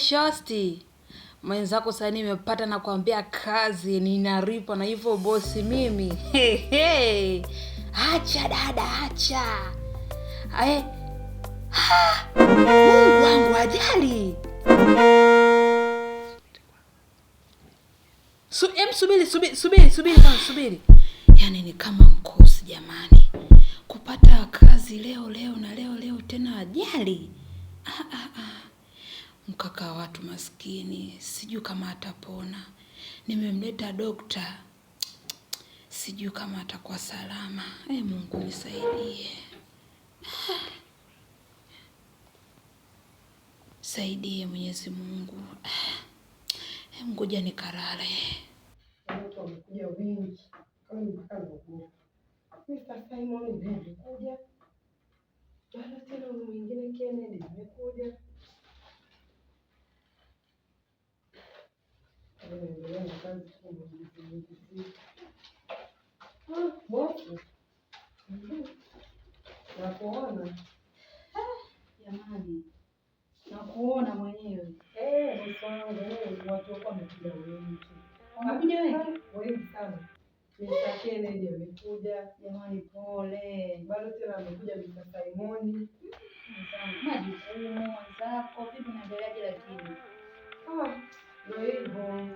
shosti mwenzako sasa, nimepata na kuambia kazi ninaripa na hivyo bosi mimi. Hey, hey. Acha dada, acha Mungu wangu ajali. em, subiri subiri subiri subiri subiri, yaani ni kama mkosi jamani, kupata kazi leo leo na leo leo tena ajali. ah, ah, ah mkaka wa watu maskini, sijui kama atapona. Nimemleta dokta, sijui kama atakuwa salama. E, Mungu nisaidie, saidie Mwenyezi Mungu. E, ngoja nikarare. Watu wamekuja wingi kama mpaka Mr. Simon tena, mwingine Kennedy naendelea na kazi moto nakuona jamani, nakuona mwenyewe watu wako wamekuja wengi, wamekuja wengi sana. Misakeleji amekuja jamani, pole. Bado tena amekuja Mr. Simoni majukumu mwenzako, vipi naendeleaje? Lakini ndio hivyo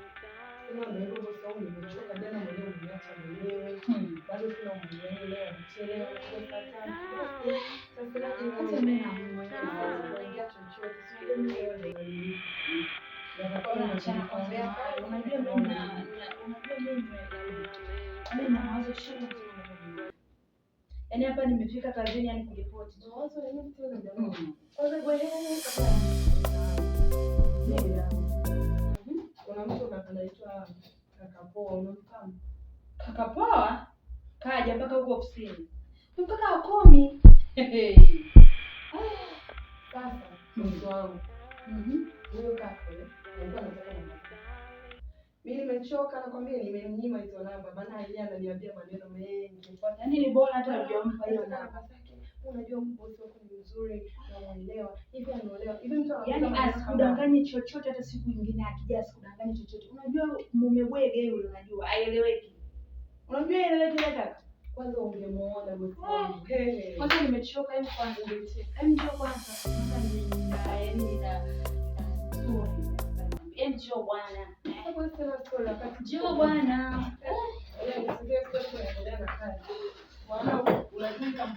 sema, ndio kwa sababu nimechoka. Jana mwenyewe uniacha mwenyewe, hmm. bado tuna mwenyewe leo mchele kwa tatu. Sasa na kimmoja Yaani hapa nimefika kazini, yani kuripoti mawazo yenyewe. Kwanza kwa anaitwa Kakapoa, unamfahamu? Kakapoa kaja mpaka huko ofisini, mpaka akomi ah, sasa. Mtu wangu mhm. huyo kaka eh, alikuwa anataka namba, mimi nimechoka, nakwambia, nimemnyima hizo namba, maana yeye ananiambia maneno mengi, yaani ni bora hata ndio ah, hiyo namba unajua bosi wako ni mzuri na unaelewa hivi, anaelewa hivi, mtu yaani asikudanganye chochote, hata siku nyingine akija asikudanganye chochote. Unajua mume bwege yule, unajua aeleweki, unajua aeleweki hata kwanza ungemuona bosi wako. Oh. Kwanza nimechoka hivi, kwanza hebu njoo kwanza, yaani ina yaani njoo bwana, njoo bwana eh, eh,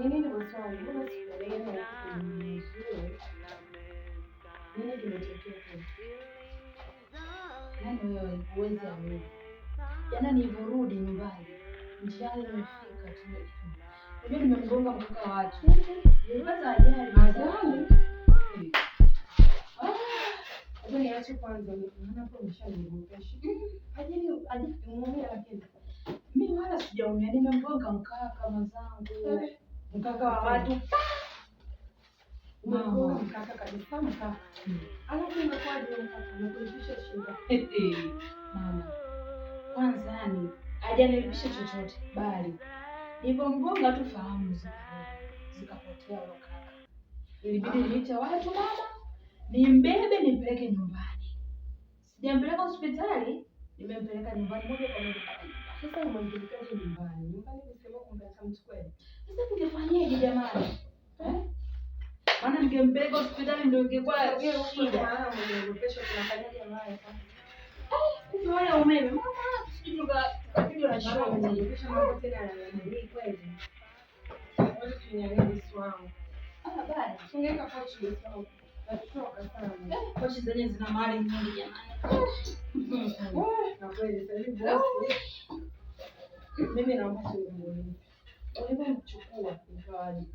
nini was wrong? Mbona sikuelewa vizuri? Nini kimetokea? Yaani wewe huwezi amini. Jana yaani nilivyorudi nyumbani, njiani nimefika tu. Unajua nimemgonga mkuka watu. Nilipata ajali. Ajali? Sasa ah! niache kwanza, maana hapo umeshaniogopesha. Ajali ajali umeona lakini. Mimi wala sijaumia, nimemgonga mkaka kama mkaka wa watu umekuwa mkaka kabisa mkaka. Alafu imekuwaje mkaka, shida? Mama kwanza, yani hajaniivisha chochote, bali hivyo mgonga tu fahamu zikapotea wakaka, ilibidi ah. niite watu mama, nimbebe nimpeleke nyumbani. Sijampeleka hospitali, nimempeleka nyumbani moja kwa moja. Sasa umempelekaje nyumbani? Nyumbani kusema kumbe atamchukua sasa ningefanyaje jamani? Eh? Maana ningembeba hospitali ndio ingekuwa yeye huko maana mwenye tunafanyaje naye sasa? Kumbe eh, wale umeme. Mama sisi tuka tukapiga na show mwenye kesho mambo tena yanani kweli. Wewe tunyanyeni swao. Ah bana, chengeka kwa chini swao. Natoka eh, zina mali nyingi jamani. Na kweli sasa hivi ah. mimi naomba ulivyomchukua ikawaje?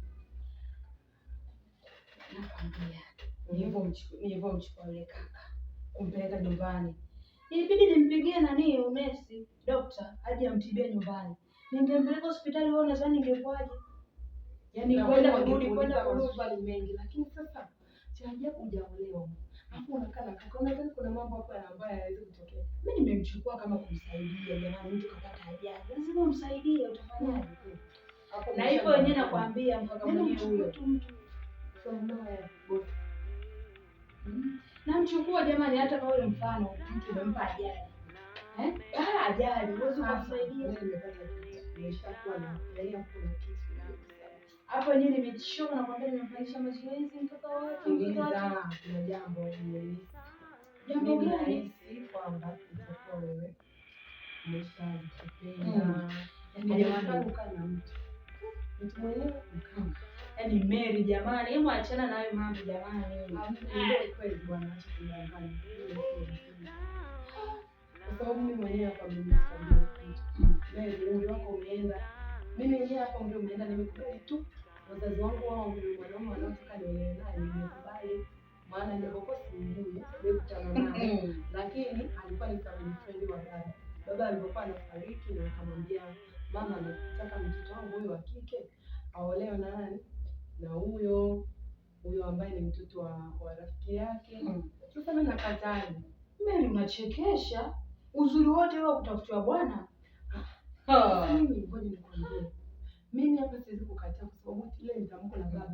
Nakwambia nilivyomchukua yule kaka kumpeleka nyumbani, ilibidi nimpigie nani unesi dokta aje amtibie nyumbani. Ningempeleka hospitali wao, nadhani ingekuwaje? Yaani kwenda kurudi, kwenda kurudi mengi, lakini sasa cha ajabu hujaolewa hapo unakaa na kaka, unadhani kuna mambo hapo ambayo hayawezi kutokea. Mimi nimemchukua kama kumsaidia, jamani, mtu kapata ajali lazima umsaidie, utafanyaje? na hivyo wenyewe nakwambia, mkaka yaani mwenyewe hmm? namchukua jamani, hata kwa ule mfano mtu umempa ajali eh, ajali uwezi ah. kumsaidia hapo yenyewe nimechoka na kwambia, mazoezi mtoto wote. Kuna jambo jambo gani kwamba utakuwa wewe umeshajipenda, hmm. yaani ukaa mtu mtu mwenyewe mkanga. Yaani Mary jamani, hebu achana na hayo mambo jamani. Ndio kweli bwana, acha kudanganya. Kwa sababu mimi mwenyewe hapa mimi sasa Mary, umri wako umeenda. Mimi mwenyewe hapa ndio umeenda, nimekubali tu. Wazazi wangu wao ni wanaume wanaotaka niolewe naye, nimekubali. Maana nilipokuwa sijui, siwezi naye. Lakini alikuwa ni family friend wa baba. Baba alipokuwa anafariki na akamwambia mama anataka mtoto wangu huyu wa kike aolewe na nani, na huyo huyo ambaye ni mtoto wa, wa rafiki yake. Hmm. Sasa mimi nakataje? Mimi unachekesha uzuri wote wa kutafutiwa bwana. Mimi hapa siwezi kukataa kwa sababu ile nitamko na baba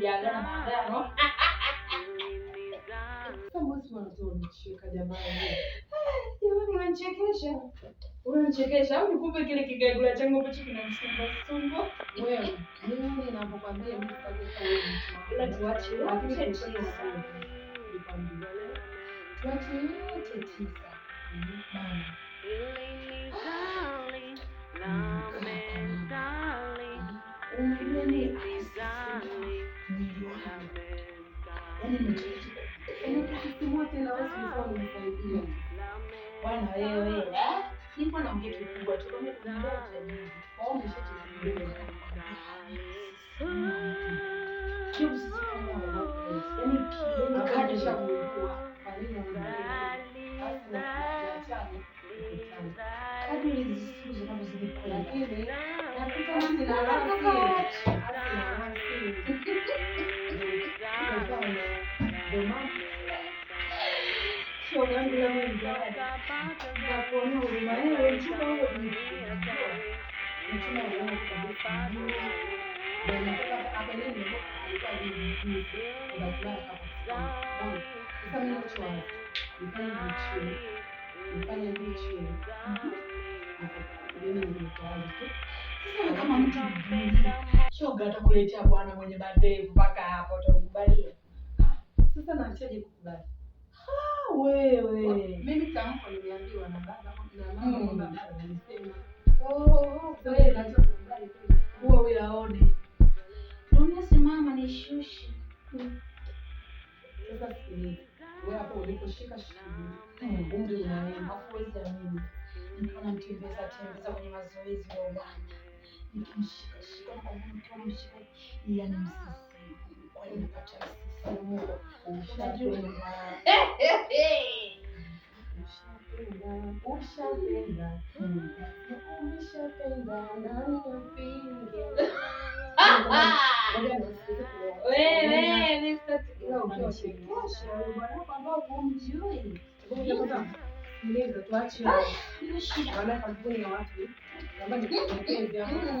kuliagana magano unanichekesha, unanichekesha au nikupe kile kigagula changu ambacho kinamsumba sumbo wewe? Mimi Bwana wewe ah. eh, nipo naongea kikubwa tu kama kuna ndoa utajibu au umeshati kidogo kiu sisi kama yani kidogo kadi cha kuugua kwa nini unaongea basi na kuachana kadi hizi sisi kama sisi kwa lakini napita na sina rafiki hata na rafiki ndio mambo kuona huruma wewe, mchunga wewe kujijua, mchunga wewe kabisa kama mtu shoga atakuletea bwana mwenye madhehebu mpaka hapo, utakubalia? Sasa nachaje kukubali? wewe. Mimi tamko nimeambiwa na baba na mama hmm. alisema. Oh, huwa uyaone. Dunia simama ni shushi. Sasa wewe hapo uliposhika shika. Hmm. Umri unaenda, huwezi amini. Nikawa namtembeza tembeza kwenye mazoezi ya Uganda. Nikimshika shika kwa mkono mshika. Yaani msisi. Tuache watu